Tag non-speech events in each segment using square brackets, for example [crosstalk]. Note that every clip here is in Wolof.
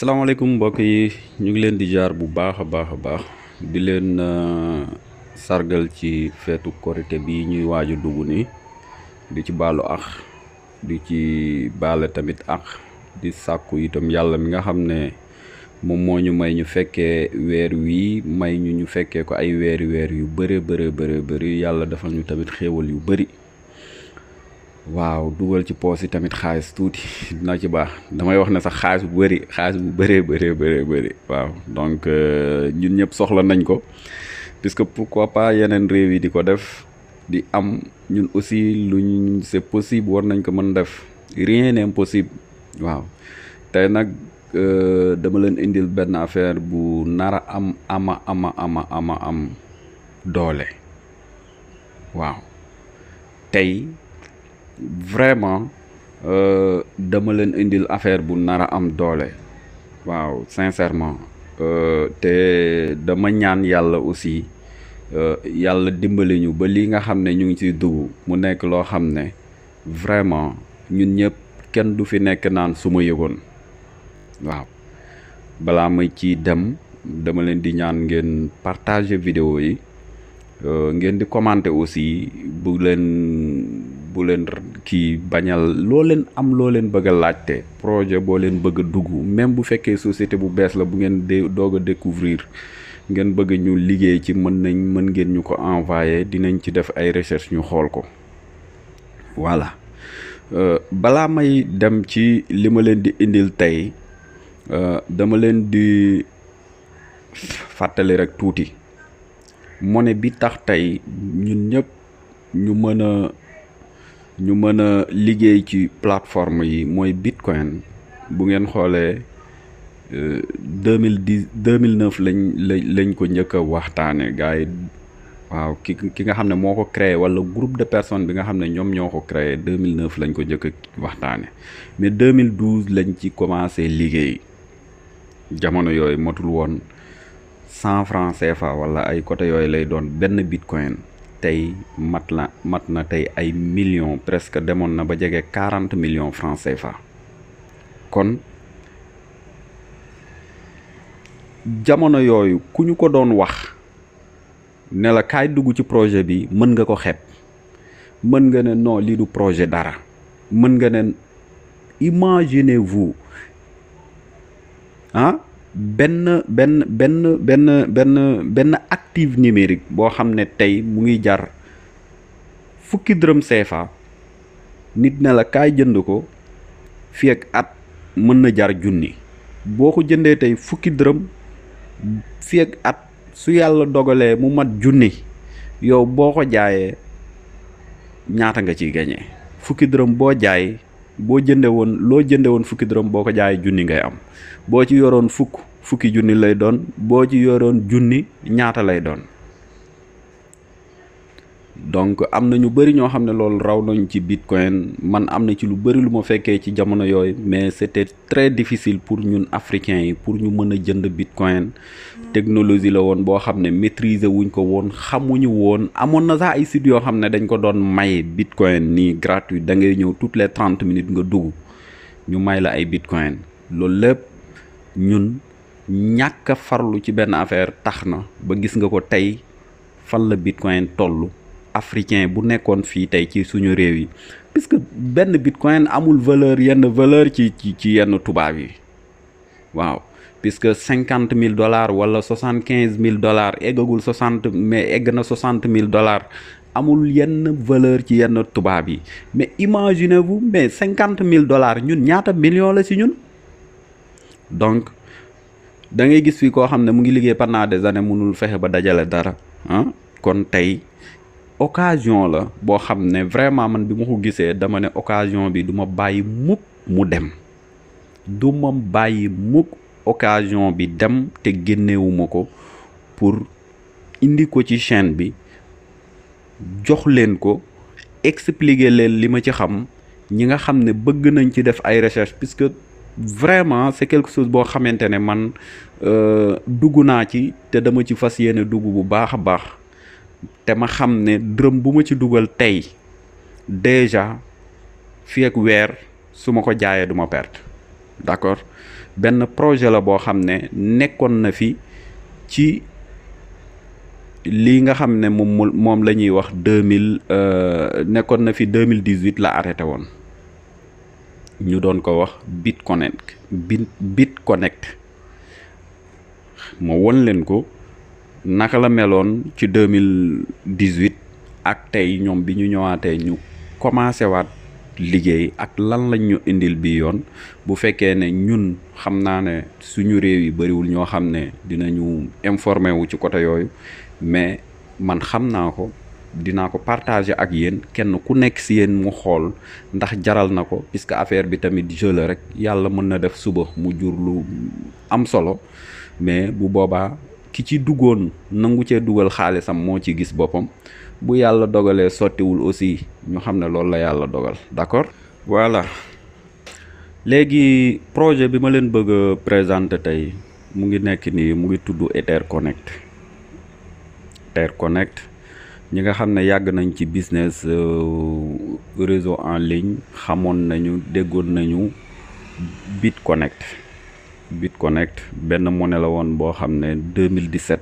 salaamaaleykum mbokk yi ñu ngi leen di jaar bu baax a baax a baax di leen euh, sargal ci feetu korité bi ñuy waaju dugg ni di ci baalu ax di ci baale tamit ax di sàkku itam yàlla mi nga xam ne moom moo ñu may ñu fekkee weer wii may ñu ñu fekkee ko ay weeri weer yu bëre bëre bëre bëri yàlla defal ñu tamit xéewal yu bari waaw dugal ci poos yi tamit xaalis tuuti [laughs] dina ci baax damay wax ne sax xaalis bu bëri xaalis bu bëree bëree bari waaw donc euh, ñun ñëpp soxla nañ ko puisque pourquoi pas yeneen réew yi di ko def di am ñun aussi luñ c'est possible war nañ ko mën def rien n'est impossible waaw tey nag euh, dama leen indil benn affaire bu nar a am ama ama ama ama am doole waaw tey vraiment euh, dama leen indil affaire bu nar a am doole waaw sincèrement euh, te dama ñaan yàlla aussi euh, yàlla dimbali ñu ba li nga xam ne ñu ngi ciy dugg mu nekk loo xam ne vraiment ñun ñëpp kenn du fi nekk naan su ma yëgoon waaw balaa ma ci dem dama leen di ñaan ngeen partage vidéo yi ngeen di commenter aussi bu leen bu leen kii bañal looleen am loo leen bëgg a laajte projet boo leen bëgg dugg même bu fekkee société bu bees la bu ngeen de doog a découvrir ngeen bëgg ñu liggéey ci mën nañ mën ngeen ñu ko envoyé dinañ ci def ay recherche ñu xool ko voilà euh, balaa may dem ci li ma leen di indil tey euh, dama leen di fàttali rek tuuti mone bi tax tey ñun ñëpp ñu mën a ñu mën a liggéey ci plateforme yi mooy bitcoin bu ngeen xoolee euh, deux mille dix deux mille neuf lañ lañ lañ ko njëkk a waxtaane gars yi waaw ki ki nga xam ne moo ko créé wala groupe de personne bi nga xam ne ñoom ñoo ko créé deux mille neuf lañ ko njëkk a waxtaane mais deux mille douze lañ ci commencé liggéey jamono yooyu matul woon cent franc fa wala ay côté yooyu lay doon benn bitcoin tey mat la mat na tey ay million presque demoon na ba jege quarante million franc fa kon jamono yooyu ku ñu ko doon wax ne la kaay dugg ci projet bi mën nga ko xeeb mën nga ne noo lii du projet dara mën nga ne imaginez-vous ah benn benn benn benn benn benn active numérique boo xam ne tey mu ngi jar fukki dërëm CFA nit ne la kay jënd ko fii ak at mën na jar junni boo ko jëndee tey fukki dërëm fii ak at su yàlla dogalee mu mat junni yow boo ko jaayee ñaata nga ciy gañee fukki dërëm boo jaay boo jënde woon loo jënde woon fukki dërëm boo ko jaayee junni ngay am boo ci yoroon fukk fukki junni lay doon boo ci yoroon junni ñaata lay doon donc am na ñu bëri ñoo xam ne loolu raw nañ ci bitcoin man am na ci lu bëri lu ma fekkee ci jamono yooyu mais c'était très difficile pour ñun africain yi pour ñu mën a jënd bitcoin technologie la woon boo xam ne maîtriser wuñ ko woon xamuñu woon amoon na sax ay yoo xam ne dañ ko doon may bitcoin nii gratuit da ngay ñëw toutes les trente minutes nga dugg ñu may la ay bitcoin loolu lépp ñun ñàkk farlu ci benn affaire tax na ba gis nga ko tey fan la bitcoin toll africain bu nekkoon fii tey ci suñu réew yi puisque benn bitcoin amul valeur yenn valeur ci ci ci yenn tubaab yi waaw puisque cinquante mille dollars wala soixante quinze mille dollars eggagul soixante mais egg na soixante mille dollars amul yenn valeur ci yenn tubaab yi mais imaginez bu mais cinquante mille dollars ñun ñaata million la si ñun donc da ngay gis fii koo xam ne mu ngi liggéey pendant des années mënul fexe ba dajale dara ah kon tey occasion la boo xam ne vraiment man bi ma ko gisee dama ne occasion bi du bàyyi mukk mu dem duma bàyyi mukk occasion bi dem te génnewuma ko pour indi ko ci chaîne bi jox leen ko expliquer leen li ma ci xam ñi nga xam ne bëgg nañ ci def ay recherche puisque vraiment c'est quelque chose boo xamante ne man euh, dugg naa ci te dama ci fas yéene dugg bu baax a baax te ma xam ne dërëm bu ma ci dugal tey déjà fii ak weer su ma ko jaayee du ma perte d'accord benn projet la boo xam ne nekkoon na fi ci lii nga xam ne moom moom la ñuy wax deux mille euh, nekkoon na fi deux mille dix huit la arrêté woon ñu doon ko wax Bitconnect Bit Bitconnect ma won leen ko. naka la meloon ci deux mille dix huit ak tey ñoom bi ñu ñëwaatee ñu commencé waat liggéey ak lan lañ ñu indil bii yoon bu fekkee ne ñun xam naa ne suñu réew yi bëriwul ñoo xam ne dinañu informé wu ci côté yooyu mais man xam naa ko dinaa ko partager ak yéen kenn ku nekk si yéen mu xool ndax jaral na ko puisque affaire bi tamit jeu rek yàlla mën na def suba mu jur lu am solo mais bu boobaa ki ci duggoon nangu cee dugal xaalisam moo ci gis boppam bu yàlla dogalee sottiwul aussi ñu xam ne loolu la yàlla dogal d'accord voilà léegi projet bi ma leen bëgg a présenter tey mu ngi nekk nii mu ngi tudd Ether Connect Ether Connect ñi nga xam ne yàgg nañ ci business euh, réseau en ligne xamoon nañu déggoon nañu Bit Connect BitConnect benn mone la woon boo xam ne 2017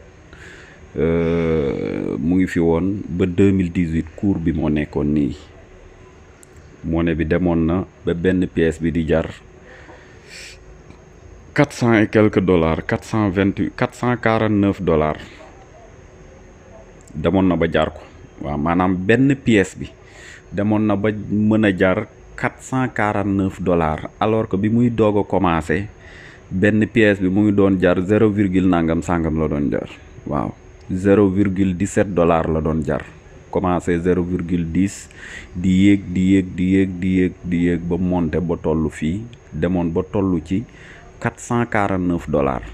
euh, mu ngi fi woon ba 2018 cours bi moo nekkoon nii monnaie bi demoon na ba benn pièce bi di jar quatre cent et quelques dollars quatre cent vingt huit quatre cent quarante neuf dollars demoon na ba jar ko waaw maanaam benn pièce bi demoon na ba mën a jar quatre cent quarante neuf dollars alors que bi muy doog a commencé. benn pièce bi mu ngi doon jar zéro virgule nangam sangam la doon jar waaw zéro virgule dix sept dollars la doon jar commencé zéro virgule dix di yéeg di yéeg di yéeg di yéeg di yéeg ba monté ba toll fii demoon ba toll ci quatre cent quarante neuf dollars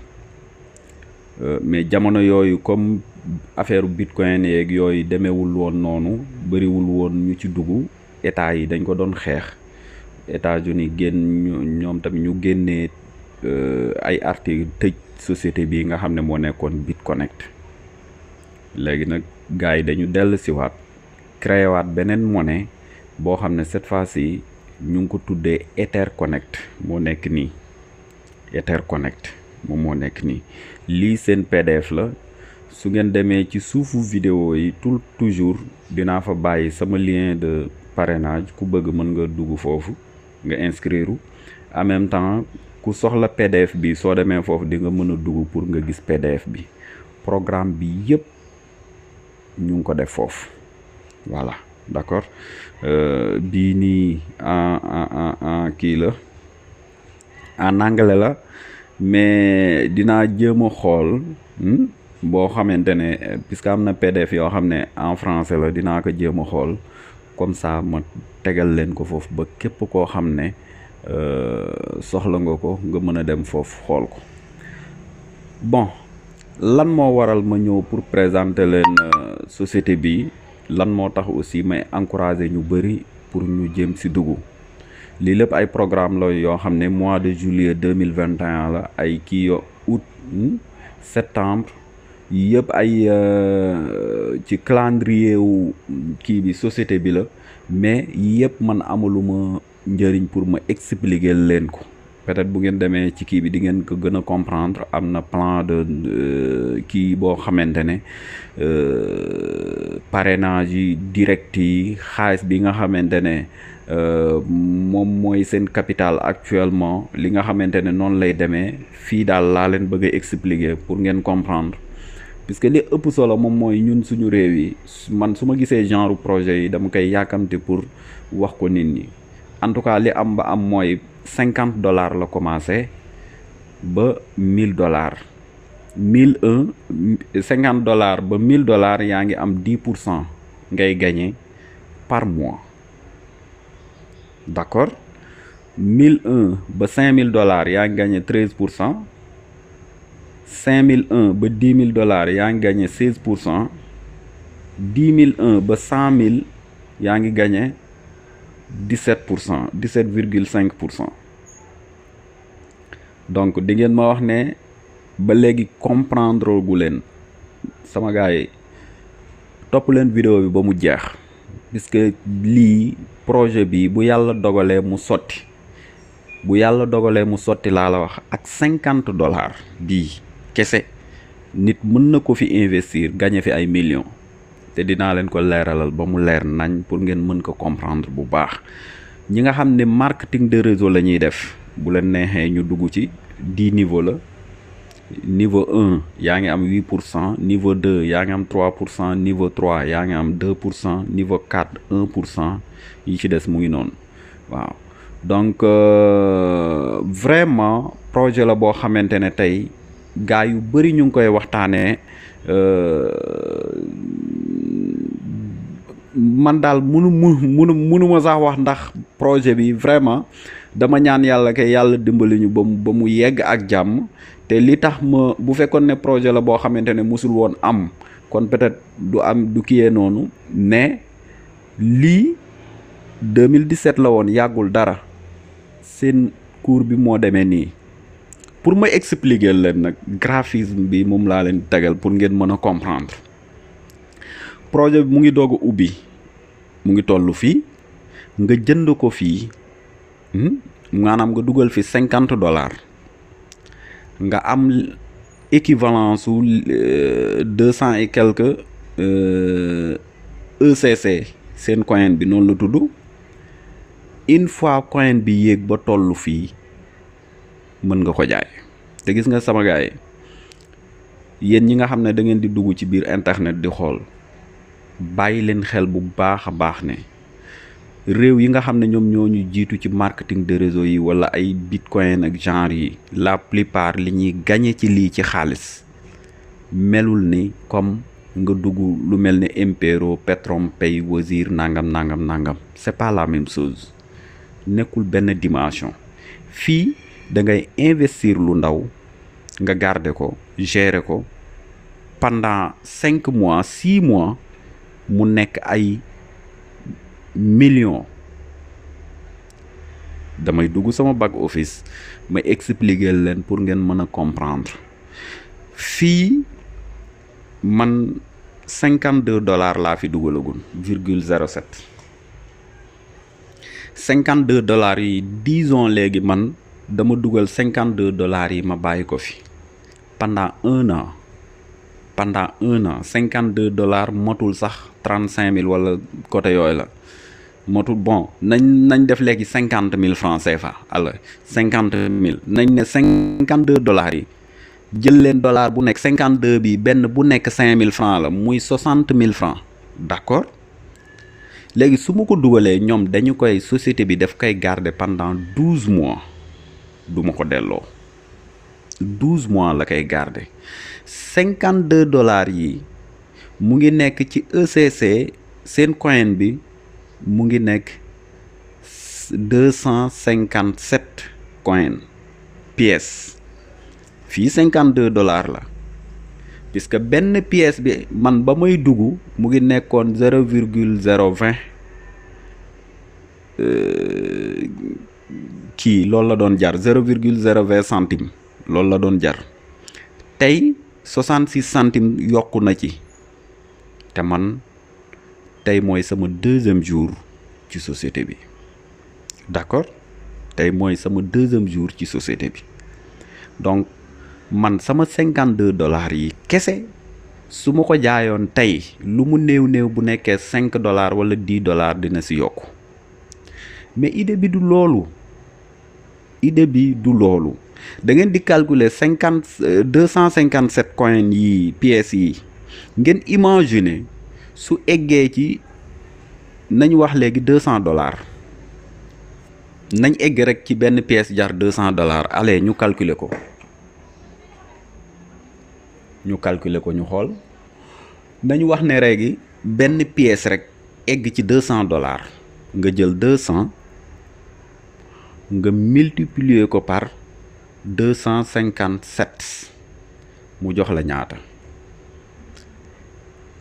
euh, mais jamono yooyu comme affaire bitcoin yeeg yooyu demewul woon noonu bëriwul woon ñu ci duggu état yi dañ ko doon xeex États-Unis génn ñoom tamit ñu génnee. Euh, ay article tëj société bii nga xam ne moo nekkoon bit BitConnect léegi nag gars yi dañu dellu siwaat créé waat beneen monnaie boo xam ne cette fois-ci ñu ngi ko tuddee EtherConnect moo nekk nii EtherConnect moom moo nekk nii lii seen PDF la su ngeen demee ci suufu vidéo yi tout toujours dinaa fa bàyyi sama lien de parenage ku bëgg mën nga dugg foofu nga inscrire en temps ku soxla PDF bi soo demee foofu dinga nga mën a dugg pour nga gis PDF bi programme bi yëpp ñu ngi ko def foofu voilà d'accord euh, bii nii en en en kii la en anglais la mais dinaa jéem a xool hmm, boo xamante ne puisque am na PDF yoo xam ne en français la dinaa ko jéem a xool comme ça ma tegal leen ko foofu ba képp koo xam ne. Euh, soxla nga ko nga mën a dem foofu xool ko bon lan moo waral ma ñëw pour présenter leen euh, société bi lan moo tax aussi may encourager ñu bëri pour ñu jëm si dugg lii lépp ay programme la yoo xam ne mois de juillet deux mille vingt et la ay kii yo août hmm, septembre yëpp ay euh, ci calendrier wu kii bi société bi la mais yëpp man amaluma njëriñ pour ma expliquer leen ko peut-être bu ngeen demee ci kii bi di ngeen ko gën a comprendre am na plan de euh, kii boo xamante ne euh, parrainage direct yi xaalis bi nga xamante ne euh, moom mooy seen capital actuellement li nga xamante ne noonu lay demee fii daal laa leen bëgg a pour ngeen comprendre puisque li ëpp solo moom mooy ñun suñu réew yi man su ma gisee genre projet yi dama koy yàkkamte pour wax ko nit ñi en tout cas li am ba am mooy cinquante dollars la commencé ba mille dollars mille un cinquante dollars ba mille dollars yaa ngi am dix pour cent ngay gañe par mois d' accord mille un ba cinq mille dollars yaa ngi gagné pour cent cinq mille un ba dix mille dollars yaa ngi gagné pour cent dix mille un ba cent mille yaa ngi gagné. 17 pour cent 17 virgule 5 pour cent donc di ngeen ma wax ne ba léegi comprendre gu leen sama gars yi topp leen vidéo bi ba mu jeex puisque lii projet bi bu yàlla dogalee mu sotti bu yàlla dogalee mu sotti laa la wax ak cinquante dollars bii kese nit mën na ko fi investir gagné fi ay millions te dinaa leen ko leeralal ba mu leer nañ pour ngeen mën ko comprendre bu baax ñi nga xam ne marketing de réseau la ñuy def bu leen neexee ñu dugg ci dix niveau la niveau un yaa ngi am huit pour cent niveau deux yaa ngi am trois pour cent niveau trois yaa ngi am deux pour cent niveau quatre un pour cent yi ci des mu ngi noonu waaw donc euh, vraiment projet la boo xamante ne tey gaa yu bëri ñu ngi koy waxtaanee. Euh, man daal munu mu munu munuma sax wax ndax projet bi vraiment dama ñaan yàlla ke yàlla dimbali ñu ba mu ba mu yegg ak jàmm te li tax ma bu fekkoon ne projet la boo xamante ne mosul woon am kon peut-être du am du kiyee noonu ne lii 2017 la woon yàggul dara seen cours bi moo demee nii pour ma expliquer leen nag graphisme bi moom laa leen tegal pour ngeen mën a comprendre projet bi mu ngi doog ubbi mu ngi toll fii nga jënd ko fii hmm? maanaam nga dugal fi cinquante dollars nga am équivalent su euh, deux cent et quelque ECC euh, e seen coin bi noonu la tudd une fois coin bi yéeg ba tollu fii mën nga ko jaay te gis nga sama gaay yéen ñi nga xam ne da ngeen di dugg ci biir internet di xool bàyyi leen xel bu baax a baax ne réew yi nga xam ne ñoom ñoo ñu jiitu ci marketing de réseau yi wala ay bitcoin ak genre yi la plupart li ñuy gañe ci lii ci xaalis melul ni comme nga dugg lu mel ni Impero Petrompay Wazir nangam nangam nangam c'est pas la nekkul benn dimension fii da ngay investir lu ndaw nga garder ko gere ko pendant cinq mois six mois mu nekk ay million damay dugg sama back office ma expliquer leen pour ngeen mën a comprendre fii man cinquante deux dollars laa fi dugalagul virgule zéro sept cinquante deux dollars yi disons léegi man dama dugal cinquante deux dollars yi ma bàyyi ko fi pendant un an. pandant un an cinquante deux dollars motul sax trente cinq mille wala côté yooyu la motul bon nañ nañ def léegi cinquante mille franc CFA alors cinquante mille nañ ne cinquante deux dollars yi jël leen dollar bu nekk cinquante deux bi benn bu nekk cinq mille franc la muy soixante mille franc d'accord léegi su ma ko dugalee ñoom dañu koy société bi daf koy garder pendant douze mois duma ko delloo. douze mois la kay garde cinquante deux dollars yi mu ngi nekk ci ECC seen coin bi mu ngi nekk deux cent cinquante sept coin pièce fii cinquante deux dollars la puisque benn pièce bi man ba may dugg mu ngi nekkoon zéro virgule zéro vingt euh, kii loolu la doon jar zéro virgule zéro vingt centime loolu la doon jar tey 66 centimes yokku na ci te man tey mooy sama deuxième jour ci société bi d'accord tey mooy sama deuxième jour ci société bi donc man sama 52 dollars yi kese su ma ko jaayoon tey lu mu néew néew bu nekkee 5 dollars wala 10 dollars dina si yokku mais idée bi du loolu idée bi du loolu da ngeen di calculer cinquante euh, deux cent cinquante sept coins yi pièces yi ngeen imaginer su eggee ci nañ wax léegi deux cent dollars nañ egg rek ci benn pièce jar deux cent dollars allez ñu calculer ko ñu calculer ko ñu xool nañu wax ne léegi benn pièce rek egg ci deux cent dollars nga jël deux cent nga multiplier ko par deux cent cinquante sept mu jox la ñaata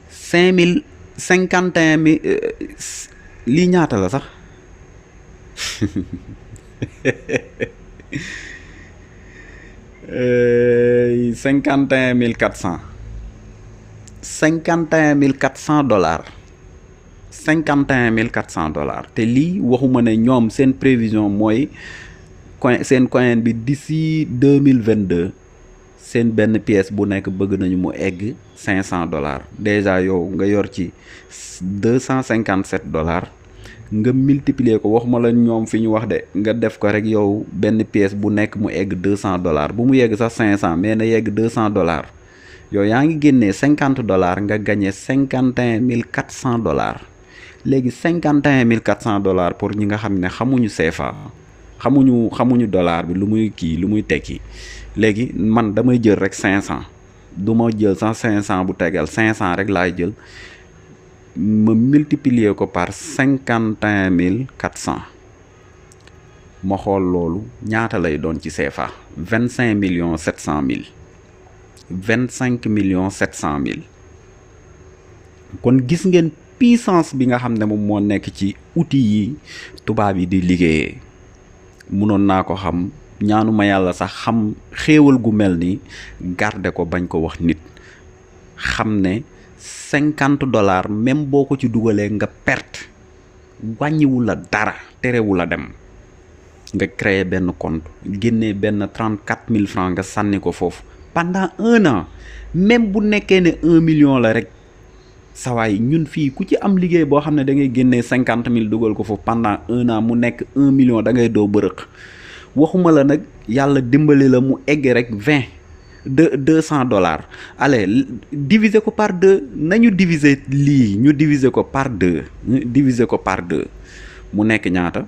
cinq mille cinquante et un euh, lii ñaata la sax [laughs] euh, cinquante et un mille quatre cent cinquante et un mille quatre cent dollars cinquante et un mille quatre cent dollars te lii waxuma ne ñoom seen prévision mooy coin seen coin bi d'ici deux mille vingt deux seen benn pièce bu nekk bëgg nañu mu egg cinq cent dollars déjà yow nga yor ci deux cent cinquante sept dollars nga multiplier ko waxuma la ñoom fi ñu wax de nga def ko rek yow benn pièce bu nekk mu egg deux cent dollars bu mu yegg sax cinq cent mais na yegg deux cent dollars yow yaa ngi génnee cinquante dollars nga gagné cinquante et mille quatre cent dollars léegi cinquante et mille quatre cent dollars pour ñi nga xam ne xamuñu CFA. xamuñu xamuñu dollar bi lu muy kii lu muy tekki léegi man damay jël rek cinq cent du ma jël sax cinq cent bu tegal cinq cent rek laay jël ma ko par cinquante et mille quatre cent ma xool loolu ñaata lay doon ci CFA vingt cinq million sept cent mille vingt cinq millions sept kon gis ngeen puissance bi nga xam ne moom moo nekk ci outil yi tubaab yi di liggéeyee mënoon naa ko xam ñaanuma yàlla sax xam xéewal gu mel ni garder ko bañ ko wax nit xam ne cinquante dollars même boo ko ci dugalee nga perte wàññiwu la dara terewu la dem nga créer benn compte génnee benn trente quatre mille francs nga sànni ko foofu pendant un an même bu nekkee ne un million la rek sawaay ñun fii ku ci am liggéey boo xam ne da ngay génnee cinquante mille dugal ko foofu pendant un an mu nekk un million dangay doo bërëq waxuma la nag yàlla dimbali la mu egg rek vingt deux deux cent dollars allez diviser ko par deux nañu diviser lii ñu diviser ko par deux diviser ko par deux mu nekk ñaata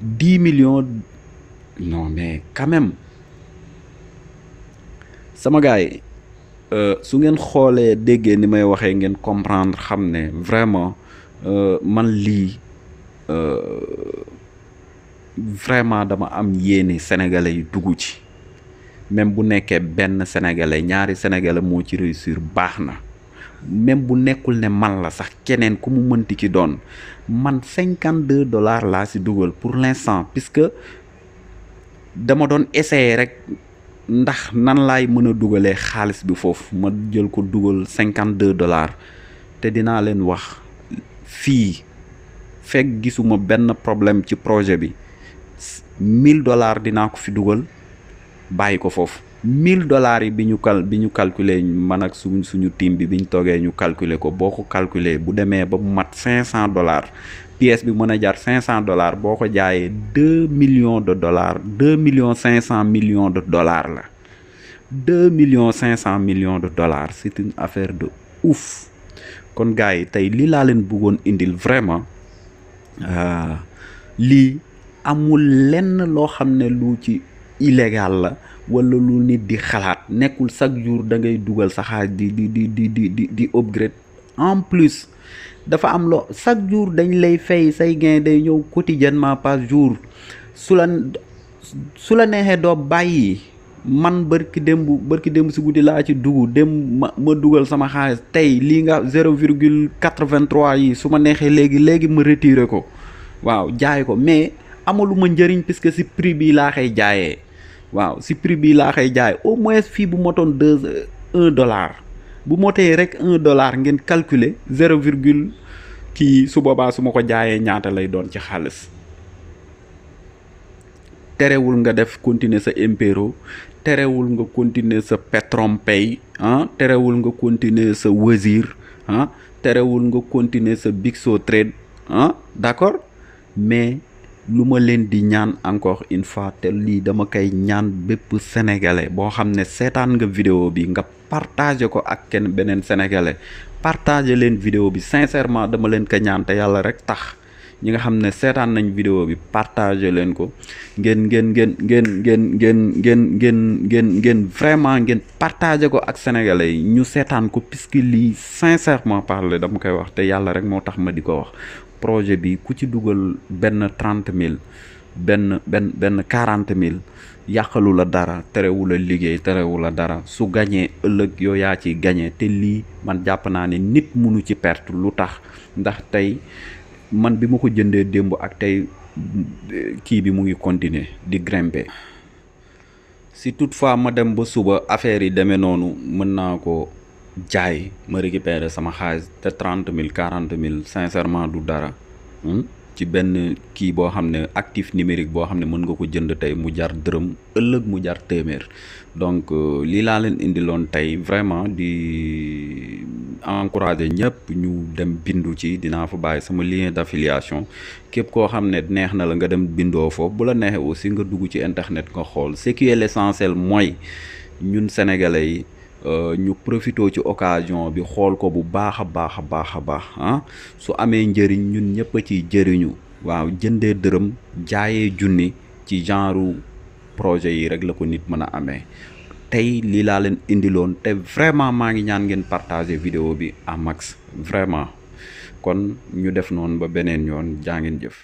dix millions non mais quand sama gars yi Euh, su ngeen xoolee déggee ni may waxee ngeen comprendre xam ne vraiment euh, man lii euh, vraiment dama am yéene sénégalais yi dugg ci même bu nekkee benn sénégalais ñaari sénégalais moo ci réussir baax na même bu nekkul ne man la sax keneen ku mu mënti ki doon man cinquante deux dollars laa si dugal pour l'instant puisque dama doon essayer rek ndax nan laay mën a dugalee xaalis bi foofu ma jël ko dugal cinquante deux dollars te dinaa leen wax fii fekk gisuma benn problème ci projet bi mille dollars dinaa ko fi dugal bàyyi ko foofu 1000 dollars yi bi ñu cal bi ñu calculer man ak suñ suñu team bi bi ñu toogee ñu calculer ko boo ko calculer bu demee ba mu mat 500 dollars pièce bi mën a jar 500 dollars boo ko jaayee 2 million de dollars 2 millions 500 millions de dollars la 2 millions 500 millions de dollars c'est une affaire de ouf kon gars yi tey lii laa leen bëggoon indil vraiment euh, lii amul lenn loo xam ne lu ci illégal la. wala lu nit di xalaat nekkul chaque jour da ngay dugal sa xaalis di di di di di upgrade en plus dafa am la chaque jour dañ lay fay say gain day ñëw quotidiennement par jour su la su la neexee doo bàyyi man bërki démb bërki démb si guddi laa ci dugg dem ma ma dugal sama xaalis tey lii nga zéro virgule quatre-vingt-trois yi su ma neexee léegi léegi ma retirer ko waaw jaay ko mais amuluma njëriñ puisque si prix bi laa koy jaayee waaw si prix bi laa koy jaay au moins fii bu motoon deux un dollar bu motee rek un dollar ngeen calculer zéro virgule kii su boobaa su ma ko jaayee ñaata lay doon ci xaalis terewul nga def continuer sa impéro terewul nga continuer sa Petrompay ah terewul nga continuer sa Wazir ah terewul nga continuer sa Big So Trade ah d'accord mais lu ma leen di ñaan encore une fois te lii dama koy ñaan bépp sénégalais boo xam ne seetaan nga vidéo bi nga partagé ko ak kenn beneen sénégalais partagé leen video bi sincèrement dama leen ko ñaan te yàlla rek tax ñi nga xam ne seetaan nañ vidéo bi partagé leen ko ngeen ngeen ngeen ngeen ngeen ngeen ngeen ngeen ngeen ngeen vraiment ngeen partagé ko ak sénégalais yi ñu seetaan ko puisque lii sincèrement parler dama koy wax te yàlla rek moo tax ma di ko wax projet bi ku ci dugal benn trente mille benn benn benn quarante mille yàqalu la dara terewu la liggéey terewu la dara su gañee ëllëg yow yaa ci gañee te lii man jàpp naa ne nit mënu ci perte lu tax ndax tey man bi ma ko jëndee démb ak tey kii bi mu ngi continuer di grimper si toutefois ma dem ba suba affaire yi demee noonu mën naa ko jaay ma récupérer sama xaalis te trente mille quarante mille sincèrement du dara hmm? ci benn kii boo xam ne actif numérique boo xam ne mën nga ko jënd tey mu jar dërëm ëllëg mu jar téeméer donc euh, lii laa leen indiloon tey vraiment di encourager ñëpp ñu dem bindu ci dinaa fa bàyyi sama lien d'affiliation képp koo xam ne neex na la nga dem bindoo foofu bu la neexee aussi nga dugg ci internet nga xool ce qui l'essentiel mooy ñun sénégalais yi. Euh, ñu profitoo ci occasion bi xool ko bu baax a baax a baax a baax ah su amee njëriñ ñun ñëpp a ciy jëriñu waaw jëndee dërëm jaayee junni ci genre projet yi rek la ko nit mën a amee tey lii laa leen indiloon te vraiment maa ngi ñaan ngeen partager vidéo bi à max vraiment kon ñu def noonu ba beneen yoon jaa ngeen jëf